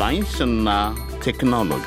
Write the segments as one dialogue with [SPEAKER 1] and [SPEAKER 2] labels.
[SPEAKER 1] ሳይንስና ቴክኖሎጂ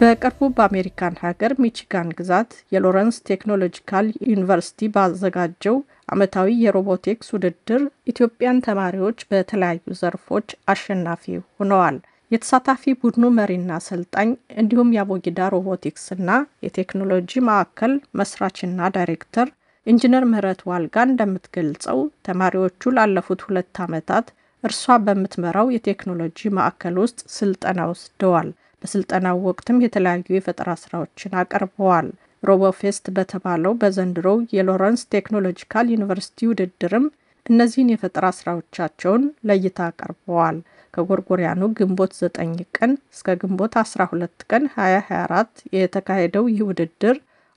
[SPEAKER 1] በቅርቡ በአሜሪካን ሀገር ሚቺጋን ግዛት የሎረንስ ቴክኖሎጂካል ዩኒቨርሲቲ ባዘጋጀው ዓመታዊ የሮቦቲክስ ውድድር ኢትዮጵያን ተማሪዎች በተለያዩ ዘርፎች አሸናፊ ሆነዋል። የተሳታፊ ቡድኑ መሪና አሰልጣኝ እንዲሁም የአቦጊዳ ሮቦቲክስና የቴክኖሎጂ ማዕከል መስራችና ዳይሬክተር ኢንጂነር ምህረት ዋልጋ እንደምትገልጸው ተማሪዎቹ ላለፉት ሁለት ዓመታት እርሷ በምትመራው የቴክኖሎጂ ማዕከል ውስጥ ስልጠና ወስደዋል። በስልጠናው ወቅትም የተለያዩ የፈጠራ ስራዎችን አቀርበዋል። ሮቦፌስት በተባለው በዘንድሮው የሎረንስ ቴክኖሎጂካል ዩኒቨርሲቲ ውድድርም እነዚህን የፈጠራ ስራዎቻቸውን ለእይታ አቀርበዋል። ከጎርጎሪያኑ ግንቦት 9 ቀን እስከ ግንቦት 12 ቀን 2024 የተካሄደው ይህ ውድድር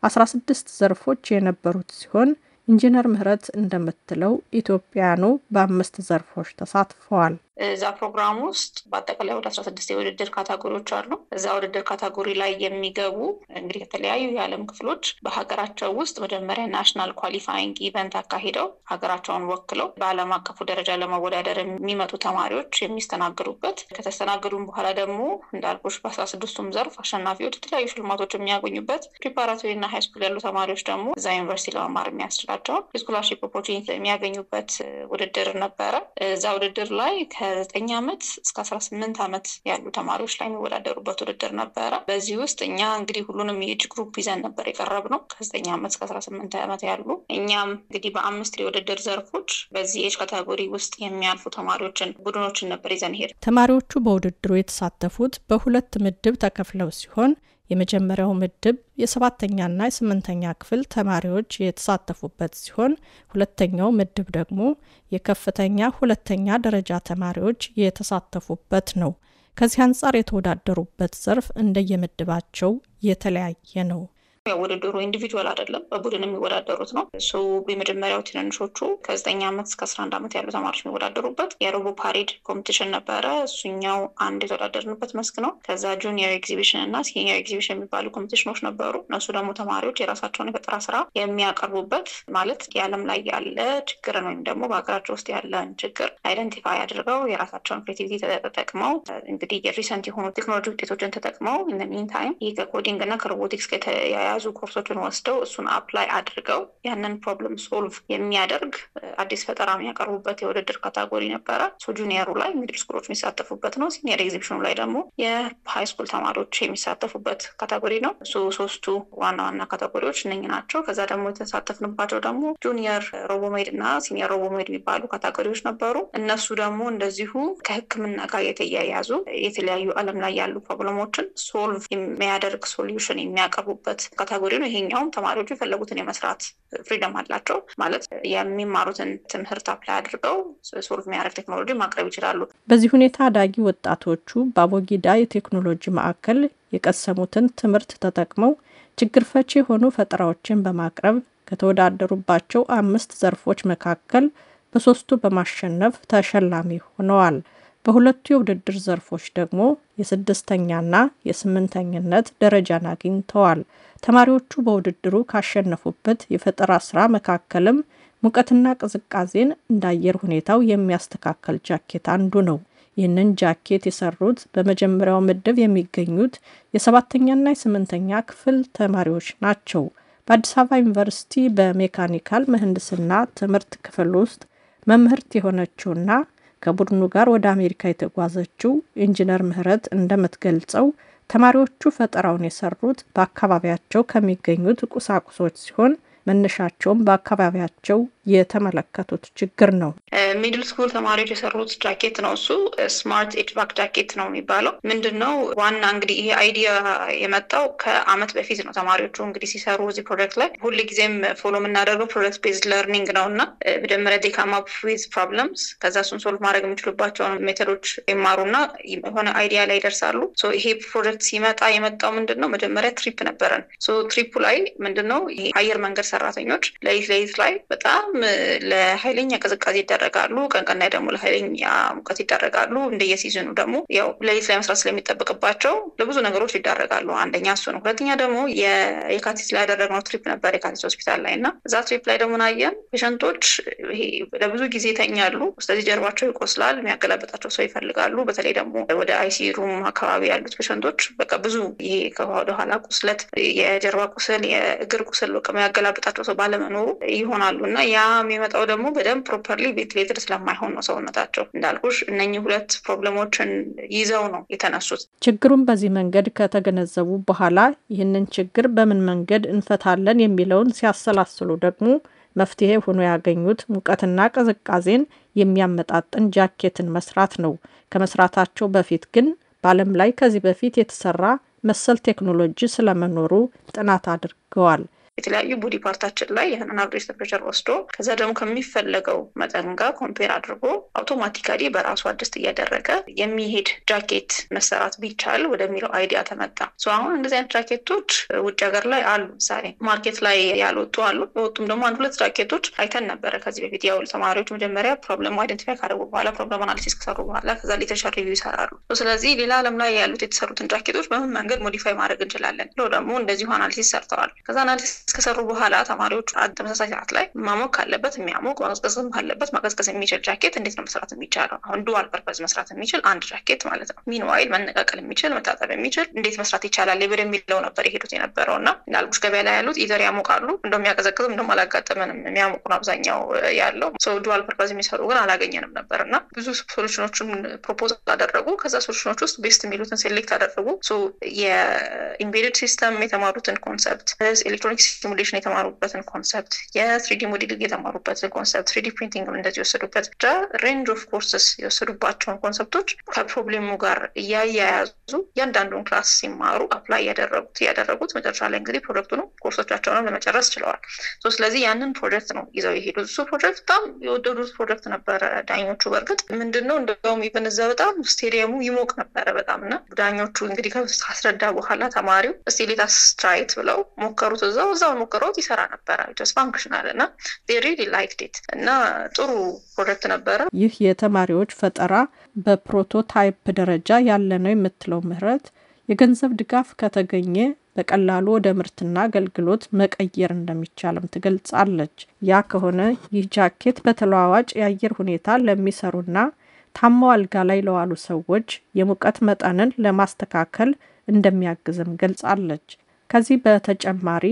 [SPEAKER 1] 16 ዘርፎች የነበሩት ሲሆን ኢንጂነር ምህረት እንደምትለው ኢትዮጵያኑ በአምስት ዘርፎች ተሳትፈዋል።
[SPEAKER 2] እዛ ፕሮግራም ውስጥ በአጠቃላይ ወደ አስራ ስድስት የውድድር ካታጎሪዎች አሉ። እዛ ውድድር ካታጎሪ ላይ የሚገቡ እንግዲህ ከተለያዩ የዓለም ክፍሎች በሀገራቸው ውስጥ መጀመሪያ ናሽናል ኳሊፋይንግ ኢቨንት አካሂደው ሀገራቸውን ወክለው በዓለም አቀፉ ደረጃ ለመወዳደር የሚመጡ ተማሪዎች የሚስተናገዱበት ከተስተናገዱም በኋላ ደግሞ እንዳልኩሽ በአስራ ስድስቱም ዘርፍ አሸናፊዎች የተለያዩ ሽልማቶች የሚያገኙበት ፕሪፓራቶሪ እና ሃይስኩል ያሉ ተማሪዎች ደግሞ እዛ ዩኒቨርሲቲ ለመማር የሚያስችላቸውን የስኮላርሺፕ ኦፖርቹኒቲ የሚያገኙበት ውድድር ነበረ። እዛ ውድድር ላይ ከ ከዘጠኝ ዓመት እስከ አስራ ስምንት ዓመት ያሉ ተማሪዎች ላይ የሚወዳደሩበት ውድድር ነበረ። በዚህ ውስጥ እኛ እንግዲህ ሁሉንም የእጅ ግሩፕ ይዘን ነበር የቀረብ ነው ከዘጠኝ ዓመት እስከ አስራ ስምንት ዓመት ያሉ እኛም እንግዲህ በአምስት የውድድር ዘርፎች በዚህ ኤጅ ካታጎሪ ውስጥ የሚያልፉ ተማሪዎችን ቡድኖችን ነበር ይዘን ሄድ።
[SPEAKER 1] ተማሪዎቹ በውድድሩ የተሳተፉት በሁለት ምድብ ተከፍለው ሲሆን የመጀመሪያው ምድብ የሰባተኛና የስምንተኛ ክፍል ተማሪዎች የተሳተፉበት ሲሆን ሁለተኛው ምድብ ደግሞ የከፍተኛ ሁለተኛ ደረጃ ተማሪዎች የተሳተፉበት ነው። ከዚህ አንጻር የተወዳደሩበት ዘርፍ እንደየምድባቸው የተለያየ ነው።
[SPEAKER 2] ውድድሩ ኢንዲቪድዋል አይደለም፣ በቡድን የሚወዳደሩት ነው። እሱ የመጀመሪያው ትንንሾቹ ከዘጠኝ ዓመት እስከ አስራ አንድ ዓመት ያሉ ተማሪዎች የሚወዳደሩበት የሮቦ ፓሬድ ኮምፒቲሽን ነበረ። እሱኛው አንድ የተወዳደርንበት መስክ ነው። ከዛ ጁኒየር ኤግዚቢሽን እና ሲኒየር ኤግዚቢሽን የሚባሉ ኮምፒቲሽኖች ነበሩ። እነሱ ደግሞ ተማሪዎች የራሳቸውን የፈጠራ ስራ የሚያቀርቡበት ማለት የዓለም ላይ ያለ ችግርን ወይም ደግሞ በሀገራቸው ውስጥ ያለን ችግር አይደንቲፋይ አድርገው የራሳቸውን ክሬቲቪቲ ተጠቅመው እንግዲህ የሪሰንት የሆኑ ቴክኖሎጂ ውጤቶችን ተጠቅመው ኢን ሚን ታይም ይህ ከኮዲንግ እና ከሮቦቲክስ የተያዙ ኮርሶችን ወስደው እሱን አፕላይ አድርገው ያንን ፕሮብለም ሶልቭ የሚያደርግ አዲስ ፈጠራ የሚያቀርቡበት የውድድር ካታጎሪ ነበረ። ጁኒየሩ ላይ ሚድል ስኩሎች የሚሳተፉበት ነው። ሲኒየር ኤግዚቢሽኑ ላይ ደግሞ የሃይ ስኩል ተማሪዎች የሚሳተፉበት ካታጎሪ ነው። እሱ ሶስቱ ዋና ዋና ካታጎሪዎች እነኝ ናቸው። ከዛ ደግሞ የተሳተፍንባቸው ደግሞ ጁኒየር ሮቦሜድ እና ሲኒየር ሮቦሜድ የሚባሉ ካታጎሪዎች ነበሩ። እነሱ ደግሞ እንደዚሁ ከህክምና ጋር የተያያዙ የተለያዩ ዓለም ላይ ያሉ ፕሮብለሞችን ሶልቭ የሚያደርግ ሶሉሽን የሚያቀርቡበት ካታጎሪ ነው። ይሄኛውም ተማሪዎቹ የፈለጉትን የመስራት ፍሪደም አላቸው ማለት የሚማሩትን ትምህርት አፕላይ አድርገው ሶልቭ የሚያደርግ ቴክኖሎጂ ማቅረብ ይችላሉ።
[SPEAKER 1] በዚህ ሁኔታ አዳጊ ወጣቶቹ በአቦጊዳ የቴክኖሎጂ ማዕከል የቀሰሙትን ትምህርት ተጠቅመው ችግር ፈቺ የሆኑ ፈጠራዎችን በማቅረብ ከተወዳደሩባቸው አምስት ዘርፎች መካከል በሶስቱ በማሸነፍ ተሸላሚ ሆነዋል። በሁለቱ የውድድር ዘርፎች ደግሞ የስድስተኛና የስምንተኝነት ደረጃን አግኝተዋል። ተማሪዎቹ በውድድሩ ካሸነፉበት የፈጠራ ስራ መካከልም ሙቀትና ቅዝቃዜን እንደ አየር ሁኔታው የሚያስተካከል ጃኬት አንዱ ነው። ይህንን ጃኬት የሰሩት በመጀመሪያው ምድብ የሚገኙት የሰባተኛና የስምንተኛ ክፍል ተማሪዎች ናቸው። በአዲስ አበባ ዩኒቨርሲቲ በሜካኒካል ምህንድስና ትምህርት ክፍል ውስጥ መምህርት የሆነችውና ከቡድኑ ጋር ወደ አሜሪካ የተጓዘችው ኢንጂነር ምህረት እንደምትገልጸው ተማሪዎቹ ፈጠራውን የሰሩት በአካባቢያቸው ከሚገኙት ቁሳቁሶች ሲሆን መነሻቸውም በአካባቢያቸው የተመለከቱት ችግር ነው።
[SPEAKER 2] ሚድል ስኩል ተማሪዎች የሰሩት ጃኬት ነው። እሱ ስማርት ኤጅባክ ጃኬት ነው የሚባለው። ምንድን ነው ዋና እንግዲህ ይሄ አይዲያ የመጣው ከአመት በፊት ነው። ተማሪዎቹ እንግዲህ ሲሰሩ እዚህ ፕሮጀክት ላይ ሁል ጊዜም ፎሎ የምናደርገው ፕሮጀክት ቤዝድ ለርኒንግ ነው እና መጀመሪያ ዴ ካም አፕ ዊዝ ፕሮብለምስ ከዛ እሱን ሶልቭ ማድረግ የሚችሉባቸውን ሜቶዶች ይማሩና የሆነ አይዲያ ላይ ይደርሳሉ። ይሄ ፕሮጀክት ሲመጣ የመጣው ምንድን ነው መጀመሪያ ትሪፕ ነበረን። ትሪፑ ላይ ምንድን ነው ይሄ አየር መንገድ ሰራተኞች ለይት ለይት ላይ በጣም ለኃይለኛ ቅዝቃዜ ይደረጋሉ፣ ቀንቀን ላይ ደግሞ ለኃይለኛ ሙቀት ይደረጋሉ። እንደየሲዝኑ ደግሞ ያው ሌሊት ላይ መስራት ስለሚጠበቅባቸው ለብዙ ነገሮች ይዳረጋሉ። አንደኛ እሱ ነው። ሁለተኛ ደግሞ የካቲት ላይ ያደረግነው ትሪፕ ነበር የካቲት ሆስፒታል ላይ እና እዛ ትሪፕ ላይ ደግሞ ናየን ፔሸንቶች ይሄ ለብዙ ጊዜ ይተኛሉ። ስለዚህ ጀርባቸው ይቆስላል። የሚያገላበጣቸው ሰው ይፈልጋሉ። በተለይ ደግሞ ወደ አይሲ ሩም አካባቢ ያሉት ፔሸንቶች በቃ ብዙ ይሄ ወደኋላ ቁስለት፣ የጀርባ ቁስል፣ የእግር ቁስል በቃ የሚያገላበጣቸው ሰው ባለመኖሩ ይሆናሉ እና ያ የሚመጣው ደግሞ በደንብ ፕሮፐርሊ ቬንትሌትድ ስለማይሆን ነው ሰውነታቸው። እንዳልኩሽ እነኚህ ሁለት ፕሮብለሞችን ይዘው ነው የተነሱት።
[SPEAKER 1] ችግሩን በዚህ መንገድ ከተገነዘቡ በኋላ ይህንን ችግር በምን መንገድ እንፈታለን የሚለውን ሲያሰላስሉ ደግሞ መፍትሄ ሆኖ ያገኙት ሙቀትና ቅዝቃዜን የሚያመጣጥን ጃኬትን መስራት ነው። ከመስራታቸው በፊት ግን በዓለም ላይ ከዚህ በፊት የተሰራ መሰል ቴክኖሎጂ ስለመኖሩ ጥናት አድርገዋል።
[SPEAKER 2] የተለያዩ ቦዲ ፓርታችን ላይ ይህንን አቨሬጅ ቴምፕሬቸር ወስዶ ከዛ ደግሞ ከሚፈለገው መጠን ጋር ኮምፔር አድርጎ አውቶማቲካሊ በራሱ አድስት እያደረገ የሚሄድ ጃኬት መሰራት ቢቻል ወደሚለው አይዲያ ተመጣ። አሁን እንደዚህ አይነት ጃኬቶች ውጭ ሀገር ላይ አሉ። ምሳሌ ማርኬት ላይ ያልወጡ አሉ። የወጡም ደግሞ አንድ ሁለት ጃኬቶች አይተን ነበረ ከዚህ በፊት ያው ተማሪዎች መጀመሪያ ፕሮብለሙ አይደንቲፋይ ካደረጉ በኋላ ፕሮብለም አናሊሲስ ከሰሩ በኋላ ከዛ ሊተሻር ሪቪው ይሰራሉ። ስለዚህ ሌላ ዓለም ላይ ያሉት የተሰሩትን ጃኬቶች በምን መንገድ ሞዲፋይ ማድረግ እንችላለን ብሎ ደግሞ እንደዚሁ አናሊሲስ ሰርተዋል። ከዛ አናሊሲስ ከሰሩ በኋላ ተማሪዎቹ ተመሳሳይ ሰዓት ላይ ማሞቅ ካለበት የሚያሞቅ ማቀዝቀዝም ካለበት ማቀዝቀዝ የሚችል ጃኬት እንዴት ነው መስራት የሚቻለው? አሁን ዱዋል ፐርፐዝ መስራት የሚችል አንድ ጃኬት ማለት ነው። ሚንዋይል መነቃቀል የሚችል መታጠብ የሚችል እንዴት መስራት ይቻላል የሚለው ነበር የሄዱት የነበረው እና እንዳልኩሽ ገበያ ላይ ያሉት ኢዘር ያሞቃሉ። እንደ የሚያቀዘቅዝም እንደም አላጋጠመንም። የሚያሞቁ ነው አብዛኛው ያለው ዱዋል ፐርፐዝ የሚሰሩ ግን አላገኘንም ነበር እና ብዙ ሶሉሽኖችን ፕሮፖዝ አደረጉ። ከዛ ሶሉሽኖች ውስጥ ቤስት የሚሉትን ሴሌክት አደረጉ። የኢምቤድድ ሲስተም የተማሩትን ኮንሰፕት ኤሌክትሮኒክስ ሲሙሌሽን የተማሩበትን ኮንሰፕት የትሪዲ ሞዴሊንግ የተማሩበትን ኮንሰፕት ትሪዲ ፕሪንቲንግ እንደዚህ የወሰዱበት ብቻ ሬንጅ ኦፍ ኮርስስ የወሰዱባቸውን ኮንሰፕቶች ከፕሮብሌሙ ጋር እያያያዙ እያንዳንዱን ክላስ ሲማሩ አፕላይ ያደረጉት እያደረጉት መጨረሻ ላይ እንግዲህ ፕሮጀክቱን ኮርሶቻቸውንም ለመጨረስ ችለዋል። ስለዚህ ያንን ፕሮጀክት ነው ይዘው የሄዱት። እሱ ፕሮጀክት በጣም የወደዱት ፕሮጀክት ነበረ ዳኞቹ። በእርግጥ ምንድን ነው እንደውም ኢቨን እዛ በጣም ስቴዲየሙ ይሞቅ ነበረ በጣም እና ዳኞቹ እንግዲህ ከአስረዳ በኋላ ተማሪው እስቲ ሌታስ ብለው ሞከሩት እዛው እዛ እዛው ሞክረውት ይሰራ ነበረ ስ ፋንክሽናል እና ሪ ላይክድ ኢት እና ጥሩ ፕሮጀክት ነበረ።
[SPEAKER 1] ይህ የተማሪዎች ፈጠራ በፕሮቶታይፕ ደረጃ ያለ ነው የምትለው ምህረት የገንዘብ ድጋፍ ከተገኘ በቀላሉ ወደ ምርትና አገልግሎት መቀየር እንደሚቻልም ትገልጻለች። ያ ከሆነ ይህ ጃኬት በተለዋዋጭ የአየር ሁኔታ ለሚሰሩና ታመው አልጋ ላይ ለዋሉ ሰዎች የሙቀት መጠንን ለማስተካከል እንደሚያግዝም ገልጻለች። ከዚህ በተጨማሪ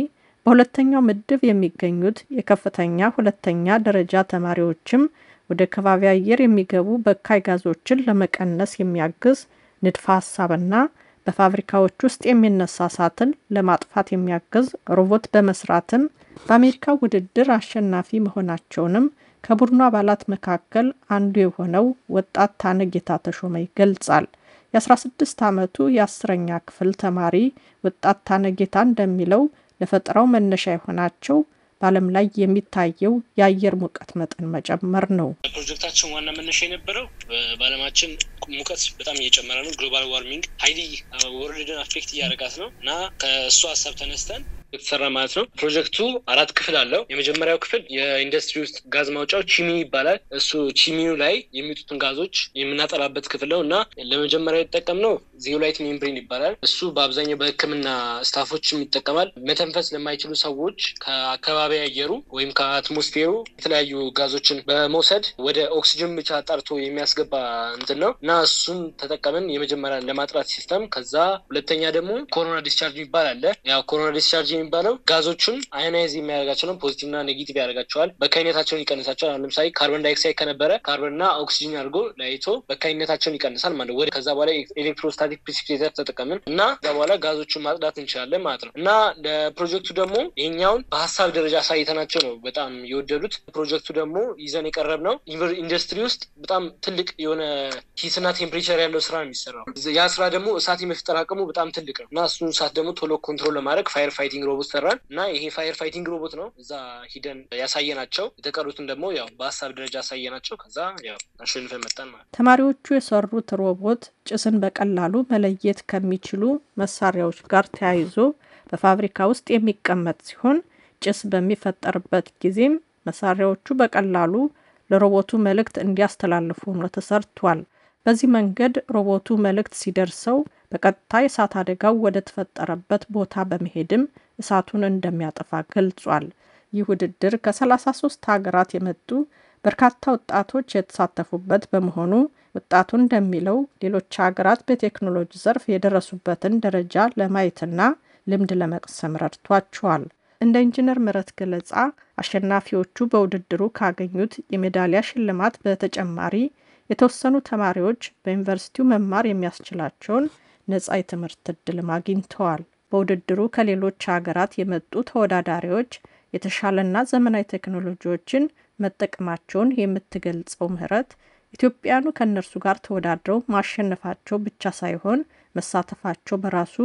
[SPEAKER 1] በሁለተኛው ምድብ የሚገኙት የከፍተኛ ሁለተኛ ደረጃ ተማሪዎችም ወደ ከባቢ አየር የሚገቡ በካይ ጋዞችን ለመቀነስ የሚያግዝ ንድፈ ሀሳብና በፋብሪካዎች ውስጥ የሚነሳ እሳትን ለማጥፋት የሚያግዝ ሮቦት በመስራትም በአሜሪካ ውድድር አሸናፊ መሆናቸውንም ከቡድኑ አባላት መካከል አንዱ የሆነው ወጣት ታነጌታ ተሾመ ይገልጻል። የ16 ዓመቱ የአስረኛ ክፍል ተማሪ ወጣት ታነጌታ እንደሚለው ለፈጠራው መነሻ የሆናቸው በዓለም ላይ የሚታየው የአየር ሙቀት መጠን መጨመር ነው።
[SPEAKER 3] ፕሮጀክታችን ዋና መነሻ የነበረው በዓለማችን ሙቀት በጣም እየጨመረ ነው፣ ግሎባል ዋርሚንግ ሀይሊ ወርልድን አፌክት እያደረጋት ነው እና ከእሱ ሀሳብ ተነስተን የተሰራ ማለት ነው። ፕሮጀክቱ አራት ክፍል አለው። የመጀመሪያው ክፍል የኢንዱስትሪ ውስጥ ጋዝ ማውጫው ቺሚ ይባላል። እሱ ቺሚው ላይ የሚወጡትን ጋዞች የምናጠላበት ክፍል ነው እና ለመጀመሪያ የተጠቀምነው ዚዮላይት ሜምብሬን ይባላል። እሱ በአብዛኛው በሕክምና ስታፎችም ይጠቀማል። መተንፈስ ለማይችሉ ሰዎች ከአካባቢ አየሩ ወይም ከአትሞስፌሩ የተለያዩ ጋዞችን በመውሰድ ወደ ኦክሲጅን ብቻ ጠርቶ የሚያስገባ እንትን ነው እና እሱን ተጠቀምን የመጀመሪያ ለማጥራት ሲስተም። ከዛ ሁለተኛ ደግሞ ኮሮና ዲስቻርጅ ይባላል። ያው ኮሮና ዲስቻርጅ የሚባለው ጋዞቹን አዮናይዝ የሚያደርጋቸውን ፖዚቲቭና ኔጌቲቭ ያደርጋቸዋል። በካይነታቸውን ይቀንሳቸዋል። አሁን ለምሳሌ ካርቦን ዳይኦክሳይድ ከነበረ ካርቦንና ኦክሲጂን አድርጎ ለይቶ በካይነታቸውን ይቀንሳል ማለት ወደ ከዛ በኋላ ኤሌክትሮስታቲክ ፕሪሲፒቴተር ተጠቀምን እና ከዛ በኋላ ጋዞቹን ማጽዳት እንችላለን ማለት ነው። እና ለፕሮጀክቱ ደግሞ ይሄኛውን በሀሳብ ደረጃ አሳይተናቸው ነው በጣም የወደዱት። ፕሮጀክቱ ደግሞ ይዘን የቀረብ ነው ኢንዱስትሪ ውስጥ በጣም ትልቅ የሆነ ሂትና ቴምፕሬቸር ያለው ስራ ነው የሚሰራው። ያ ስራ ደግሞ እሳት የመፍጠር አቅሙ በጣም ትልቅ ነው እና እሱን እሳት ደግሞ ቶሎ ኮንትሮል ለማድረግ ፋየር ፋይቲንግ ሮቦት ሰራን እና ይሄ ፋየር ፋይቲንግ ሮቦት ነው። እዛ ሂደን ናቸው የተቀሩትን ደግሞ ያው በሀሳብ ደረጃ ናቸው ከዛ አሸንፈ መጣን ማለት።
[SPEAKER 1] ተማሪዎቹ የሰሩት ሮቦት ጭስን በቀላሉ መለየት ከሚችሉ መሳሪያዎች ጋር ተያይዞ በፋብሪካ ውስጥ የሚቀመጥ ሲሆን ጭስ በሚፈጠርበት ጊዜም መሳሪያዎቹ በቀላሉ ለሮቦቱ መልእክት እንዲያስተላልፉ ነው ተሰርቷል። በዚህ መንገድ ሮቦቱ መልእክት ሲደርሰው በቀጥታ የሳት አደጋው ወደ ተፈጠረበት ቦታ በመሄድም እሳቱን እንደሚያጠፋ ገልጿል። ይህ ውድድር ከ33 ሀገራት የመጡ በርካታ ወጣቶች የተሳተፉበት በመሆኑ ወጣቱ እንደሚለው ሌሎች ሀገራት በቴክኖሎጂ ዘርፍ የደረሱበትን ደረጃ ለማየትና ልምድ ለመቅሰም ረድቷቸዋል። እንደ ኢንጂነር ምረት ገለጻ አሸናፊዎቹ በውድድሩ ካገኙት የሜዳሊያ ሽልማት በተጨማሪ የተወሰኑ ተማሪዎች በዩኒቨርሲቲው መማር የሚያስችላቸውን ነጻ የትምህርት እድል አግኝተዋል። በውድድሩ ከሌሎች ሀገራት የመጡ ተወዳዳሪዎች የተሻለና ዘመናዊ ቴክኖሎጂዎችን መጠቀማቸውን የምትገልጸው ምህረት ኢትዮጵያኑ ከእነርሱ ጋር ተወዳድረው ማሸነፋቸው ብቻ ሳይሆን መሳተፋቸው በራሱ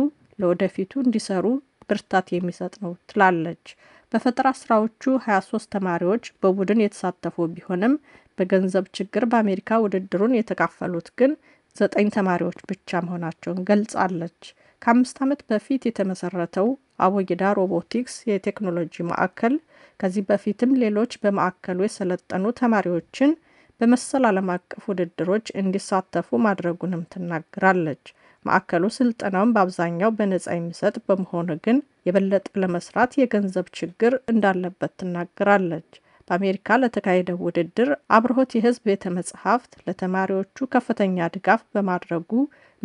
[SPEAKER 1] ለወደፊቱ እንዲሰሩ ብርታት የሚሰጥ ነው ትላለች። በፈጠራ ስራዎቹ 23 ተማሪዎች በቡድን የተሳተፉ ቢሆንም በገንዘብ ችግር በአሜሪካ ውድድሩን የተካፈሉት ግን ዘጠኝ ተማሪዎች ብቻ መሆናቸውን ገልጻለች። ከአምስት ዓመት በፊት የተመሰረተው አቦጊዳ ሮቦቲክስ የቴክኖሎጂ ማዕከል ከዚህ በፊትም ሌሎች በማዕከሉ የሰለጠኑ ተማሪዎችን በመሰል ዓለም አቀፍ ውድድሮች እንዲሳተፉ ማድረጉንም ትናገራለች። ማዕከሉ ስልጠናውን በአብዛኛው በነጻ የሚሰጥ በመሆኑ ግን የበለጠ ለመስራት የገንዘብ ችግር እንዳለበት ትናገራለች። በአሜሪካ ለተካሄደው ውድድር አብርሆት የህዝብ ቤተ መጽሐፍት ለተማሪዎቹ ከፍተኛ ድጋፍ በማድረጉ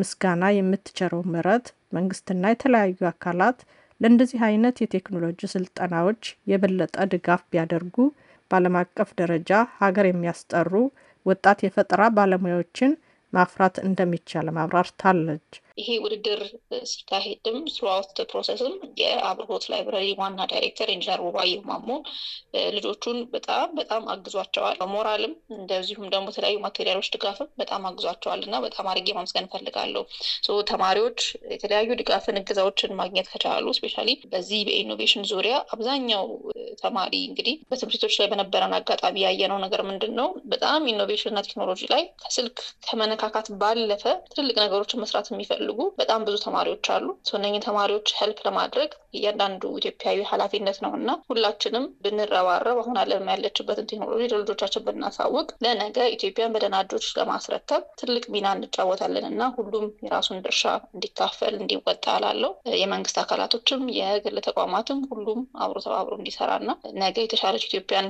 [SPEAKER 1] ምስጋና የምትቸረው ምረት መንግስትና የተለያዩ አካላት ለእንደዚህ አይነት የቴክኖሎጂ ስልጠናዎች የበለጠ ድጋፍ ቢያደርጉ በዓለም አቀፍ ደረጃ ሀገር የሚያስጠሩ ወጣት የፈጠራ ባለሙያዎችን ማፍራት እንደሚቻልም አብራርታለች።
[SPEAKER 2] ይሄ ውድድር ሲካሄድም ስሩአውት ፕሮሰስም የአብርሆት ላይብረሪ ዋና ዳይሬክተር ኢንጂነር ውባየሁ ማሞ ልጆቹን በጣም በጣም አግዟቸዋል። ሞራልም እንደዚሁም ደግሞ የተለያዩ ማቴሪያሎች ድጋፍም በጣም አግዟቸዋል እና በጣም አድርጌ ማመስገን እፈልጋለሁ። ተማሪዎች የተለያዩ ድጋፍን እገዛዎችን ማግኘት ከቻሉ ስፔሻሊ በዚህ በኢኖቬሽን ዙሪያ አብዛኛው ተማሪ እንግዲህ በትምህርቶች ላይ በነበረን አጋጣሚ ያየነው ነገር ምንድን ነው? በጣም ኢኖቬሽን እና ቴክኖሎጂ ላይ ከስልክ ከመነካካት ባለፈ ትልልቅ ነገሮችን መስራት የሚፈልጉ በጣም ብዙ ተማሪዎች አሉ። እነኝህ ተማሪዎች ሄልፕ ለማድረግ እያንዳንዱ ኢትዮጵያዊ ሀላፊነት ነው እና ሁላችንም ብንረባረብ አሁን አለም ያለችበትን ቴክኖሎጂ ለልጆቻችን ብናሳውቅ ለነገ ኢትዮጵያን በደናጆች ለማስረከብ ትልቅ ሚና እንጫወታለን እና ሁሉም የራሱን ድርሻ እንዲካፈል እንዲወጣ እላለሁ። የመንግስት አካላቶችም የግል ተቋማትም ሁሉም አብሮ ተባብሮ እንዲሰራ ነው። ነገ የተሻለች ኢትዮጵያን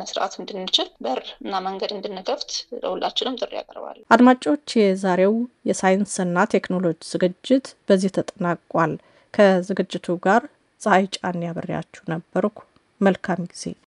[SPEAKER 2] መስራት እንድንችል በር እና መንገድ እንድንከፍት ለሁላችንም ጥሪ ያቀርባሉ።
[SPEAKER 1] አድማጮች፣ የዛሬው የሳይንስና ቴክኖሎጂ ዝግጅት በዚህ ተጠናቋል። ከዝግጅቱ ጋር ፀሐይ ጫን ያበሪያችሁ ነበርኩ። መልካም ጊዜ